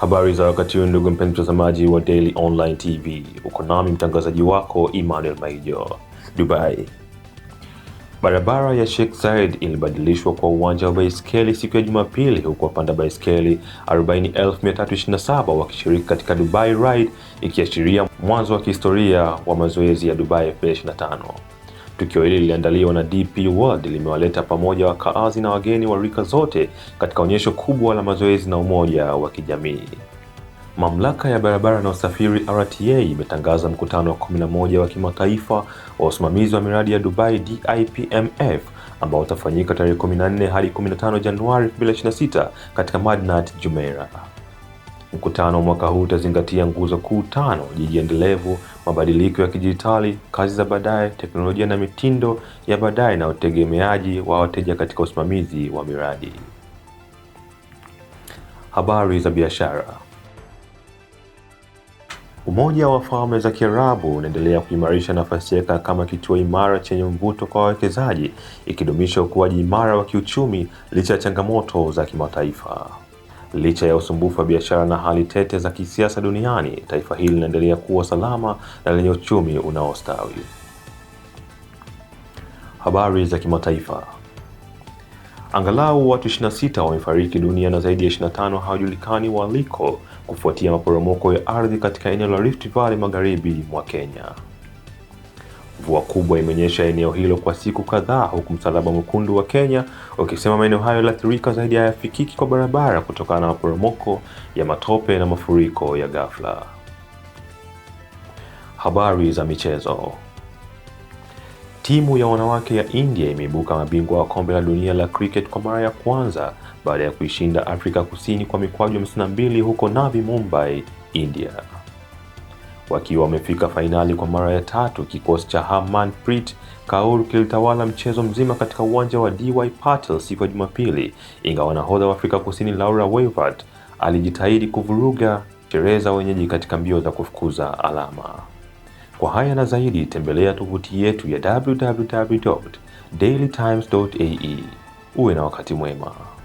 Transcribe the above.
Habari za wakati huu, ndugu mpenzi mtazamaji wa Daily Online TV, uko nami mtangazaji wako Emmanuel Maijo. Dubai, barabara ya Sheikh Zayed ilibadilishwa kwa uwanja wa baiskeli siku ya Jumapili, huku wapanda baiskeli 40,327 wakishiriki katika Dubai Ride, ikiashiria mwanzo wa kihistoria wa mazoezi ya Dubai 2025. Tukio hili liliandaliwa na DP World limewaleta pamoja wakaazi na wageni wa rika zote katika onyesho kubwa la mazoezi na umoja wa kijamii. Mamlaka ya barabara na usafiri RTA imetangaza mkutano wa 11 wa kimataifa wa usimamizi wa miradi ya Dubai DIPMF ambao utafanyika tarehe 14 hadi 15 Januari 2026 katika Madinat Jumeirah. Mkutano wa mwaka huu utazingatia nguzo kuu tano: jiji endelevu, mabadiliko ya kidijitali, kazi za baadaye, teknolojia na mitindo ya baadaye na utegemeaji wa wateja katika usimamizi wa miradi. Habari za biashara. Umoja wa Falme za Kiarabu unaendelea kuimarisha nafasi yake kama kituo imara chenye mvuto kwa wawekezaji, ikidumisha ukuaji imara wa kiuchumi licha ya changamoto za kimataifa. Licha ya usumbufu wa biashara na hali tete za kisiasa duniani, taifa hili linaendelea kuwa salama na lenye uchumi unaostawi. Habari za kimataifa. Angalau watu 26 wamefariki dunia na zaidi ya 25 hawajulikani waliko kufuatia maporomoko ya ardhi katika eneo la Rift Valley magharibi mwa Kenya. Mvua kubwa imeonyesha eneo hilo kwa siku kadhaa, huku Msalaba Mwekundu wa Kenya ukisema maeneo hayo yaliathirika zaidi hayafikiki kwa barabara kutokana na maporomoko ya matope na mafuriko ya ghafla. Habari za michezo. Timu ya wanawake ya India imeibuka mabingwa wa kombe la dunia la cricket kwa mara ya kwanza baada ya kuishinda Afrika Kusini kwa mikwaju 52 huko Navi Mumbai, India wakiwa wamefika fainali kwa mara ya tatu. Kikosi cha Harmanpreet Kaur kilitawala mchezo mzima katika uwanja wa DY Patel siku ya Jumapili, ingawa nahodha wa Afrika Kusini Laura Wevert alijitahidi kuvuruga sherehe za wenyeji katika mbio za kufukuza alama. Kwa haya na zaidi, tembelea tovuti yetu ya www.dailytimes.ae. Uwe na wakati mwema.